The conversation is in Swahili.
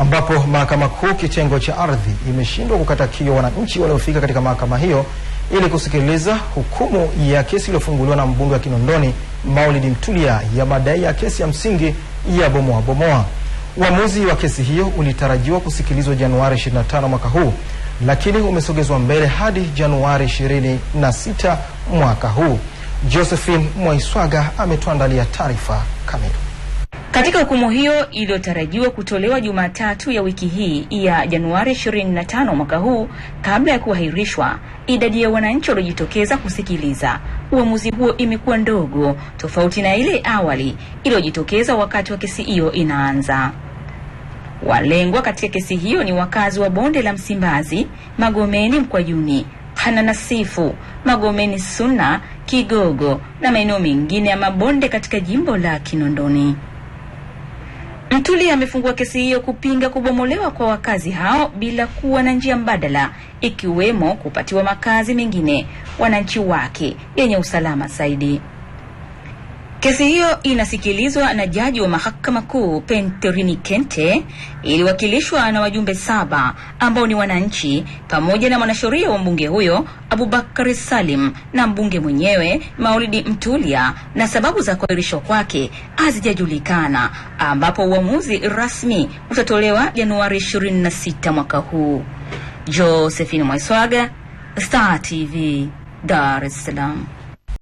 ambapo mahakama kuu kitengo cha ardhi imeshindwa kukata kiu wananchi waliofika katika mahakama hiyo ili kusikiliza hukumu ya kesi iliyofunguliwa na mbunge wa Kinondoni Maulid Mtulia ya madai ya kesi ya msingi ya bomoa bomoa. Uamuzi wa kesi hiyo ulitarajiwa kusikilizwa Januari 25 mwaka huu, lakini umesogezwa mbele hadi Januari 26 mwaka huu. Josephine Mwaiswaga ametuandalia taarifa kamili. Katika hukumu hiyo iliyotarajiwa kutolewa Jumatatu ya wiki hii ya Januari 25 mwaka huu, kabla ya kuahirishwa, idadi ya wananchi waliojitokeza kusikiliza uamuzi huo imekuwa ndogo, tofauti na ile awali iliyojitokeza wakati wa kesi hiyo inaanza. Walengwa katika kesi hiyo ni wakazi wa bonde la Msimbazi, Magomeni, Mkwajuni, Hananasifu, Magomeni suna Kigogo na maeneo mengine ya mabonde katika jimbo la Kinondoni. Mtuli amefungua kesi hiyo kupinga kubomolewa kwa wakazi hao bila kuwa na njia mbadala ikiwemo kupatiwa makazi mengine wananchi wake yenye usalama zaidi. Kesi hiyo inasikilizwa na jaji wa mahakama kuu Penterini Kente, iliwakilishwa na wajumbe saba ambao ni wananchi pamoja na mwanasheria wa mbunge huyo Abubakari Salim na mbunge mwenyewe Maulidi Mtulia, na sababu za kuahirishwa kwake hazijajulikana, ambapo uamuzi rasmi utatolewa Januari 26 mwaka huu. Josephine Mwaiswaga, Star TV, Dar es Salaam.